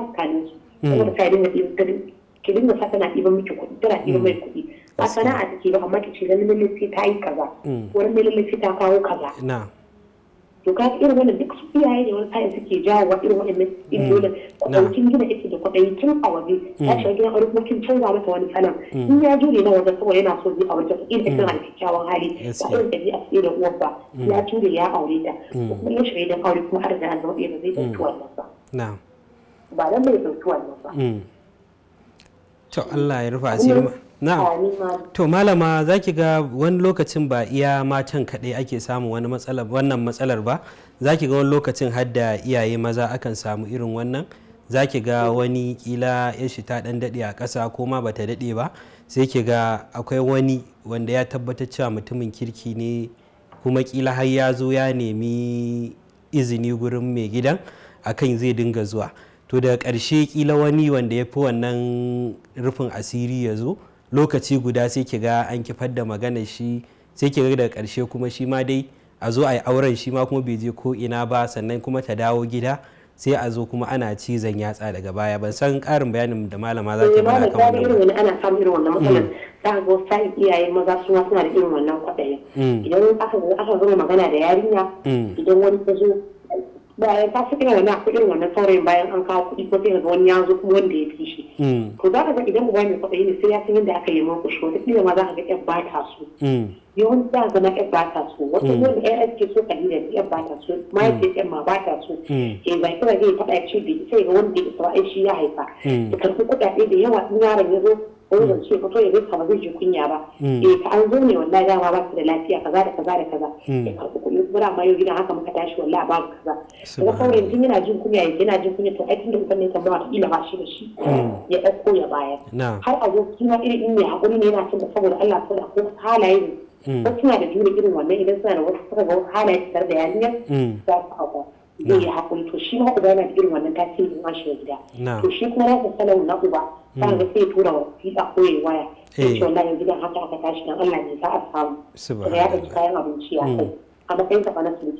kuma ka yi dinga ɗiban ki dinga sa tana ɗiban miki kuɗi tana ɗiban mai kuɗi ba sana'a take ba amma ta ce lalle sai ta yi kaza ko mm. lalle ta kawo kaza na to ka irin wannan duk su iyaye ne wani sa'in suke jawo wa irin wannan mm. dole kwaɗaukin gina ita da kwaɗayi tun a waje ya mm. shiga gidan aure kuma canza mata wani salam in ya jure na wajen saboda yana so zai aure ta irin da tana da kyakkyawan hali ba irin da zai a tsere da uwar ba ya jure ya aure ta kuma ya shiga gidan aure kuma har da an zama ba zai ɗauki ba na ba dan bai ɗauki ba to Allah ya rufa asiri ma na'am to malama za ki ga wani lokacin ba iya matan kaɗai ake samun wannan matsalar ba za ki ga wani lokacin har iyaye maza akan samu irin wannan za ki ga mm. wani kila ya shi ta ɗan daɗe a ƙasa ko ma bata daɗe ba sai ki ga akwai wani wanda ya tabbatar cewa mutumin kirki ne kuma kila har ya zo ya nemi izini gurin mai gidan akan zai dinga zuwa to daga ƙarshe kila wani wanda ya fi wannan rufin asiri ya zo lokaci guda sai ki ga an kifar da magana shi sai ki ga daga karshe kuma shi ma dai a zo a yi auren shi ma kuma bai je ko ina ba sannan kuma ta dawo gida sai a zo kuma ana cizon yatsa daga baya ban san karin bayanin da malama za ta yi mana kan wannan ba ana samun irin wannan matsalar mm. za ka ga sai iyaye maza suna suna da irin wannan kwaɗayin mm. idan aka zo magana da yarinya mm. idan wani ta zo bayan ta su kira na kuɗin wannan saurayin bayan an kawo kuɗi ko sai ga wani ya zo kuma wanda ya fi shi ko mm. za ka ga idan uba mai kwaɗayi ne sai ya san yadda aka yi man kushe wata kila ma za ka ga ƴan ba ta so. Mm. yawanci za ka na ƴan ba ta so wata mm. wanda ƴan ake so ka hira ƴan ba ta so ma ya ce ƴan ma ba ta so ke eh, ba kira zai faɗa ce bai sai ga wanda ya isa ai shi ya haifa da karɓi kuɗaɗe da yawa in yaron ya zo ko ban ce fito ya rufa ba zai ji kunya ba e ka an zo ne wallahi dama ba su da lafiya kaza da kaza da kaza ya karɓi kuɗi kuma ma yau gidan haka muka tashi wallahi ba kaza kaga kawai tun yana jin kunya yana jin kunya to ai tun da ne ta ila ba shi da shi ya ɗauko ya bayar har a ma kima irin ne hakuri ne yana cin da saboda Allah da ko halaye ne wasu suna da jure irin wannan idan suna da wasu suka ga halaye tare da yarinya za su hauka zai ya hakuri to shi ma uba yana da irin wannan tasirin ma shi gida to shi kuma ya san sanar na uba ba ga sai tura wasiƙa ko ya waya na eh. wallahi gidan haka aka tashi dan Allah ne za a samu subhanallah ya ɗauki kayan abinci ya kai mm. a matsayin kafa na ka ne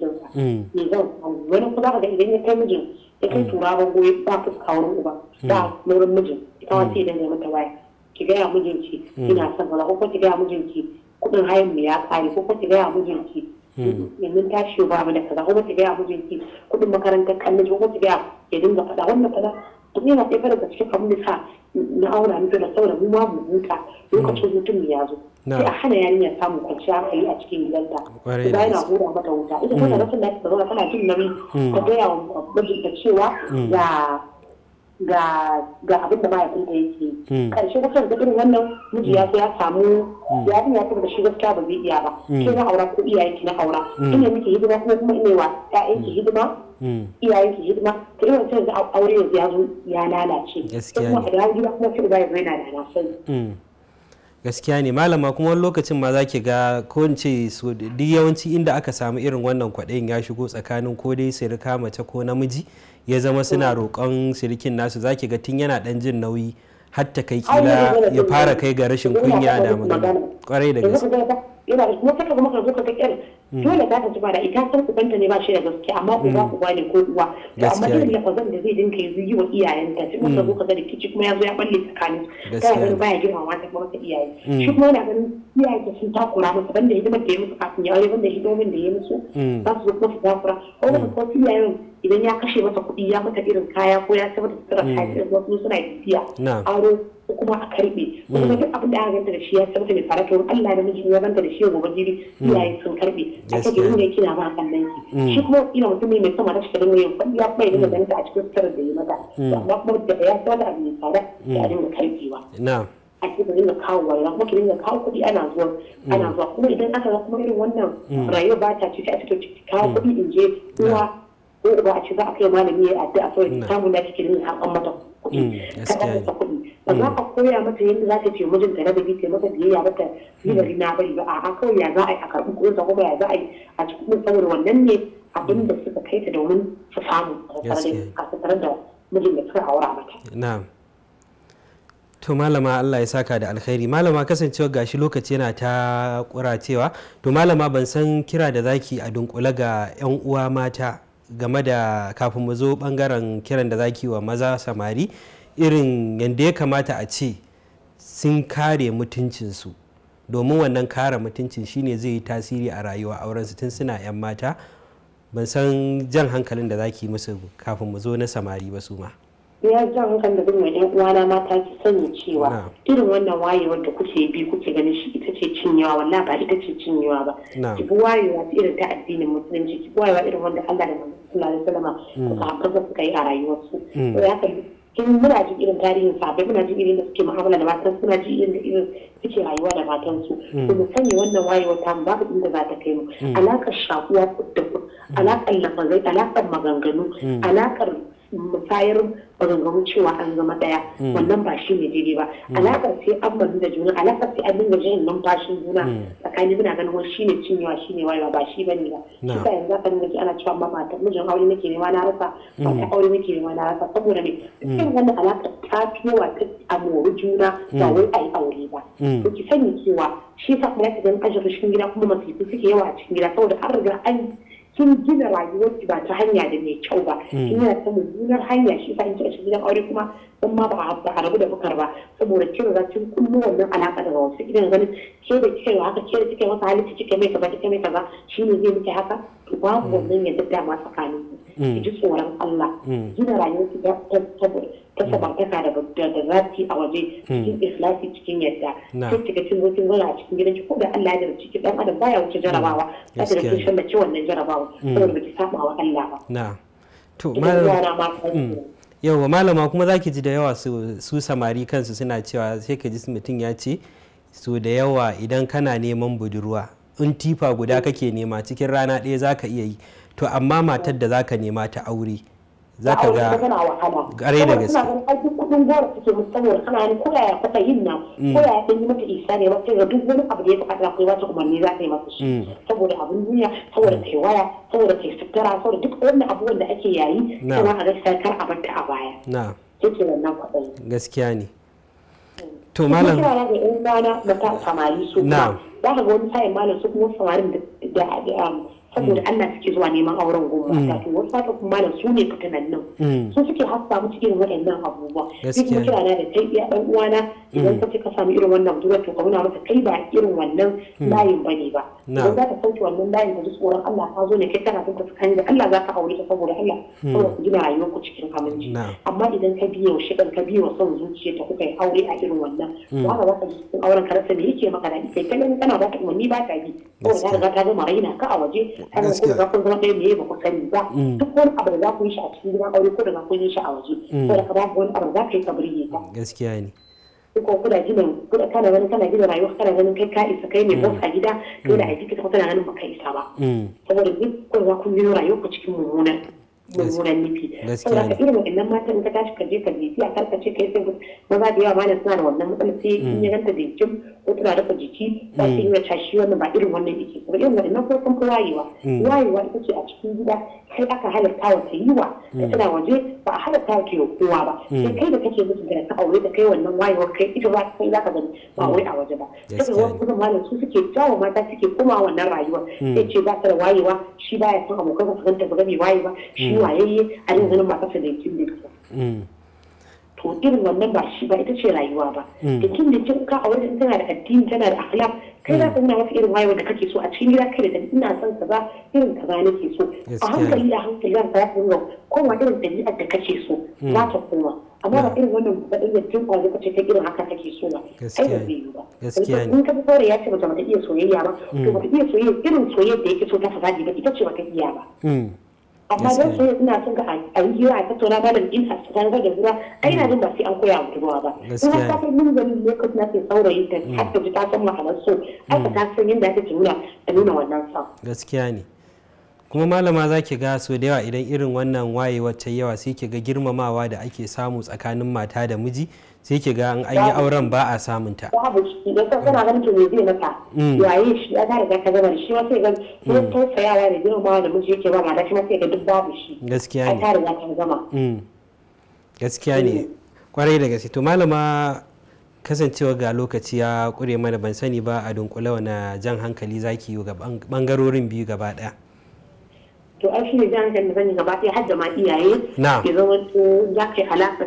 mm. zan wani kuma ga idan ya kai mijin ya kai mm. tura ba goyi ba ka wurin uba da wurin mijin ita wasu idan ya mata waya ki gaya mijinki ina son wala ko ki gaya mijinki kudin hayan mu ya kare ko ki gaya mijinki yanzu ta ce ba mu da kaza ko ta gaya ki kuɗin makarantar kallon ko ta gaya ya dinga faɗa wannan kaza duk yana ɗaya fara gaske abin da sa na aura mutu da saura mu ma mu huta lokacin mutum hmm. ya zo sai a hana yarinya samun kwanciya yi a cikin gidanta ba yana hura mata wuta ita kuma da hmm. rashin na ta zauna tana jin nauyi ta hmm. gaya wa mijinta cewa ya ga abin da ya da yake hmm. karshe da kan irin wannan miji ya hmm. ya samu hmm. ya ya tabbata shi gaskiya ba zai iya ba ke na aura ko iyaye ki na aura ina miki hidima kuma kuma ina wa ƴaƴan ki hidima iyaye ki hidima ta irin sai da aure yanzu ya zo ya lalace kuma a dawo gida kuma sai ba ya yana da nasai gaskiya ne malama kuma wani lokacin ma za ki ga ko in ce duk yawanci inda aka samu irin wannan kwaɗayin ya shigo tsakanin ko dai sai kama mace ko namiji ya zama suna roƙon sirikin nasu zaki ga tun yana dan jin nauyi hatta kai kila ya fara kai ga rashin kunya da magana kwarai da gaske ina da kuma fata kuma ka zo ka ga kyar dole za ta ji mm. da ita san banta ne ba shi da gaske amma uba mm. uba ne ko uwa to amma irin lafazan da zai dinka yi yi wa iyayenta sai kuma mm. zo ka ga rikici kuma ya zo ya balle tsakanin kana ganin baya girmama ta kuma ta iyaye shi kuma yana ganin iyaye ta sun takura masa banda hidimar da ya musu kafin ya aure banda hidimomin da ya musu ba su zo kuma su takura ko kuma ko iyayen idan ya kashe masa kuɗi ya mata irin kaya ko ya saboda sutura hmm. kaya irin wasu suna tafiya aro ko kuma a karbe ko kuma hmm. duk abin da aka ganta da shi ya saboda mai fara kawai Allah da miji ya ganta da shi gobe jiri hmm. ya yi sun karbe a cikin inda yake na ba kallon ki shi kuma ina mutum mai sama da shi da mai kuɗi ya kuma yi da ganta a cikin sutura da ya mata amma kuma da ya saboda abin mai fara ya dinga karbewa a ake da dinga kawo wa kuma ki dinga kawo kuɗi ana zuwa ana zuwa kuma idan aka ga kuma irin wannan rayuwa ba ta ce ta fito kawo kuɗi in je uwa ko ba a ce za a kai malami ya addu'a saboda samun da kike nuna mata kuɗi mm, ka ba za ka mm. koya mata yadda za ta ce ta na dabi ta mata mm. biyayya mata ni na bari ba a kawai ya za a yi a karɓi kuɗin sa kuma ya za a yi a cikin saboda wannan ne abinda da suka kai ta domin su samu a tattare da mijin da suka haura mata. to malama Allah ya saka da alkhairi malama kasancewa gashi lokaci yana ta kuracewa to malama ban san kira da zaki a dunkule ga 'yan uwa mata game da kafin mu zo bangaren kiran da zaki wa maza samari irin yadda ya kamata a ce sun kare mutuncinsu domin wannan kare mutuncin shine zai yi tasiri a rayuwa su tun suna 'yan mata ban san jan hankalin da zaki musu kafin mu zo na samari ba su ma. ya jan hankalin da zan yan uwana mata ki sani cewa irin wannan wayewar da kuke bi kuke ganin shi ita ce cinyewa wannan ba ita ce cinyewa ba ki bi wayewa irin ta addinin musulunci ki bi wayewa irin wanda Allah da manzo sallallahu alaihi wasallam a rayuwarsu hmm. in muna jin irin tarihin sabai muna jin irin da suke mu'amala da matan suna jin irin da irin suke rayuwa da matan su hmm. to mu sani wannan wayewa ta babu inda za ta kai mu hmm. alakar shakuwa da alaƙar lafazai alaƙar maganganu alaƙar musayar maganganun cewa an zama daya mm. wannan ba shi ne daidai ba mm. alaƙar sai an bari da juna alaƙar sai an dinga jin numfashin juna mm. tsakanin muna ganin wani shi ne cinyewa shi ne wayewa ba shi bane ne ba kusa yanzu aka nake ana cewa ma mata mijin aure nake nema na rasa mata aure nake nema na rasa saboda me sai wannan alaƙar ta fi wa ta amori juna ba wai a yi aure ba to ki sani cewa shi sa kuma ya ta ganin ajiyar cikin gida kuma masifu suke yawa a cikin gida saboda an riga an kin gina rayuwarsu ba ta hanya da mai kyau ba hmm. kin yana ta mummunar hanya shi sa in ce a gidan aure kuma in ma ba a rabu da bukar ba saboda cin zacin kullum wannan alaka ba wasu idan ganin ke da kike haka ke da kike masa halitta kike mai kaza kike mai kaza shi ne zai miki haka to ba mu mm. wannan ya dadda ma tsakanin mm. ki ji tsoron Allah mm. gina rayuwar ki ta ta samartaka da da zafi a waje cikin ikhlasi cikin yadda ko kika cin zocin gona a cikin gidanki ko da Allah ya jarabci ki dan adam baya wuce jarabawa ta da kishin da shallace wannan jarabawa saboda ki saba wa Allah ba na'am to malam Yau yauwa malama kuma zaki ji da yawa su samari kansu suna cewa sai ka ji mutum ya ce so da yawa idan kana neman budurwa in tifa guda kake nema cikin rana ɗaya zaka iya yi to amma matar da zaka nema ta aure zaka ga gare da gaske kudin goro suke musu saboda kana yin ko yaya kuka yin nan mm. ko yaya sun yi mata isa ne ba sai ga duk wani abu da ya fi bukata akwai wata umarni za ta yi masa shi mm. saboda abin duniya saboda mm. kai waya saboda kai sutura saboda duk wannan abubuwan da ake yayi kuma a gaskiya kar a bar ta a baya na yake wannan kuɗin gaskiya ne to malam kuma kira da yan bana mata samari su na za ka ga wani sa'in malam su kuma samarin da um, saboda mm. Allah suke zuwa neman auren goma mm. wato wasu haka kuma da su ne fitinan nan mm. su suke hasa mu cikin waɗannan abubuwa duk kuma kira da kai iya dan uwana idan ka ce ka samu irin wannan dura to ka nuna masa kai ba irin wannan layin bane ba idan za ka sauke wannan layin ka ji tsoron Allah ka zo ne kai kana son ka tsakani da Allah za ka aure ka saboda Allah saboda ku gina rayuwar ku cikin aminci amma idan ka biye wa shigan ka biye wa son zuciya ta kuka yi aure a irin wannan wanda za ka ji cikin auren ka rasa me yake maka daɗi kai kallon kana ba ta umarni ba ta bi ko ka riga ta gama raina ka a waje sannan ko ba ku sani ba mm. a a waje mm. ka wani ka mm, gaskiya ne ko kuna jinin kuna kana ganin kana jinin rayuwa kana ganin kai ka isa kai mai boss a gida dole a jiki ta kana ganin baka isa ba saboda duk kun za ku rayuwa ku cikin mummunan mummunan nufi irin matan ka tashi ka je ka je a karkace kai sai maza da yawa ma suna da wannan matsalar sai in ya ganta da ko tana dafa jiki Ba ta mm. iya tashi wannan ba irin wannan jiki kuma irin wannan farkon fi wayewa mm. wayewa ita ce a cikin gida kai aka halatta wa ta yi wa ta mm. tana waje ba a halatta wa ta yi kowa ba sai kai da kake musu da ta aure da kai wannan wayewar kai ita ba kai za ka gani ba wai a waje ba saboda wani kuma malam su suke jawo mata suke koma wannan rayuwa sai ce ba ta da wayewa shi baya son abokan ka ganta ba ga wayewa shi wayayye a yin ganin matarsa da ne da to irin wannan ba shi ba ita ce rayuwa ba mm. da kin da kin ka a wajen tana da addini tana da akhla kai za ka nuna masa irin wayewa da kake so a cikin gida kai da ina son ka ba irin ka ba nake so a hankali a hankali za ka nuna kowa irin dabi'ar da kake so mm. za ta koma amma ba mm. irin wannan ba da tun kwanza kace ta irin haka take so ba ai ba zai yi ba gaskiya ne in ka ba ya ce mace ba ta iya soyayya ba to ba ta iya soyayya irin soyayya da yake so ta fada ba ita ce ba ta iya ba amma zan so ina son ga a yi hira a tattauna malam in a cikin da ruwa ai na jin ba sai an koya wa ruwa ba kuma ta san min gani lokacin na sai saurayin ta mm. har ta ji ta san ma'anar so ai ta mm. san yadda ta nuna a nuna wannan sa gaskiya ne kuma malama za ki ga so da yawa idan irin wannan wayewar ta yawa sai ki ga girmamawa da ake samu tsakanin mata da miji sai ki ga an yi auren ba a samun ta. Babu shi da ta tana ganin me zai maka. Yayi mm. shi ya ta riga ta shi ma sai ga ko mm. tausayawa da girmamawa da miji yake ba mata shi ma sai ga duk babu shi. Gaskiya ne. Ta riga ta gama. Mm. Gaskiya ne. Kwarai da gaske to malama kasancewa ga lokaci ya kure mana ban sani ba a dunkule wani jan hankali zaki yi ga bangarorin biyu gaba daya. to ai shi ne zan hankali yi gaba ɗaya har da ma iyaye ya zama za ka yi alaƙa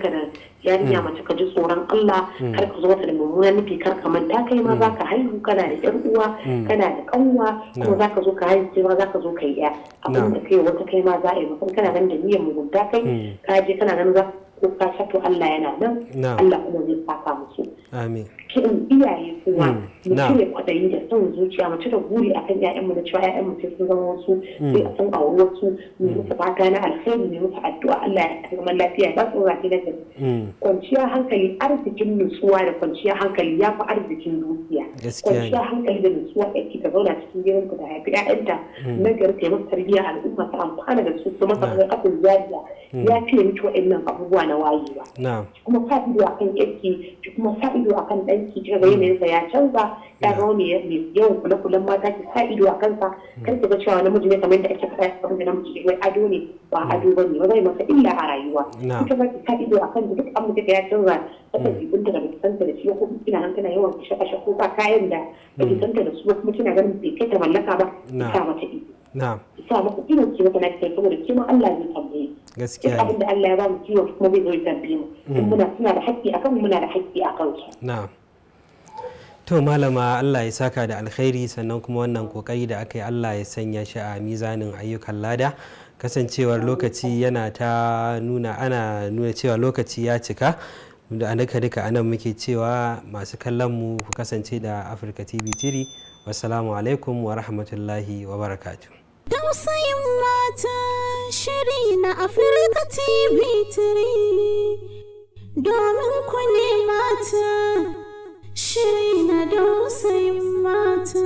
ka da yarinya mm. mace ka ji tsoron Allah mm. kar ka zo ta da mummunan nufi kar ka manta kai ma mm. za ka haihu kana da ƴar uwa kana da ƙanwa kuma za ka zo ka haihu cewa za ka zo ka yi abin da kai wata kai ma za a yi maka kana ganin da niyyar mugunta kai ka je kana ganin za ko ka sato Allah yana nan Allah kuma zai saka musu amin kiran iyaye kowa hmm, mu cire kwaɗayi da son zuciya mu cire buri akan ƴaƴanmu da cewa ƴaƴanmu sai sun zama wasu hmm. sai a san auri wasu mu hmm. musu fata na alheri mu musu addu'a Allah ya zama lafiya ba su rafi na gari Kwanciya hankali arzikin nutsuwa da kwanciya hankali ya fi arzikin dukiya kwanciya hankali da nutsuwa ɗaki ta zauna cikin gidan ku da haifi ƴaƴanta na gari ta yi masa tarbiyya al'umma ta amfana da su su masa kuma abin zariya ya fiye miki waɗannan abubuwa na wayewa kuma fa'ido kan ƴarki kuma fa'ido akan ɗan aiki kika ga yanayinsa mm. ya canza ya ga wani yawan kula kulan mata ki sa ido a kansa mm. kan ki ga cewa namiji ne kamar da ake faɗa abin da namiji ne ado ne ba mm. ado ba ne ba zai masa illa a rayuwa kika ba ki sa ido a kan duk abin da ya canza kasa ki kunta da ki santa da shi ko kuma kina nan kana yawan ki shaka shako ba kayan da ki santa da su kuma kina ganin bai kai ta mallaka ba ki sa mata ido na'am sa maka irin kiwo kana cikin saboda kima Allah zai tambaye gaskiya abin da Allah ya ba mu kiwo kuma zai zo ya tambaye mu muna suna da haƙƙi akan muna da haƙƙi akan su na'am to malama allah ya saka da alkhairi sannan kuma wannan kokari da aka yi allah ya sanya shi a mizanin ayyukan lada kasancewar lokaci yana ta nuna ana nuna cewa lokaci ya cika da duka duka anan muke cewa masu kallon mu ku kasance da afirka tv 3 wasalamu alaikum wa rahmatullahi wa barakatu tausayin mata shiri na afirka tv 3 domin ku mata shi na dausayin mata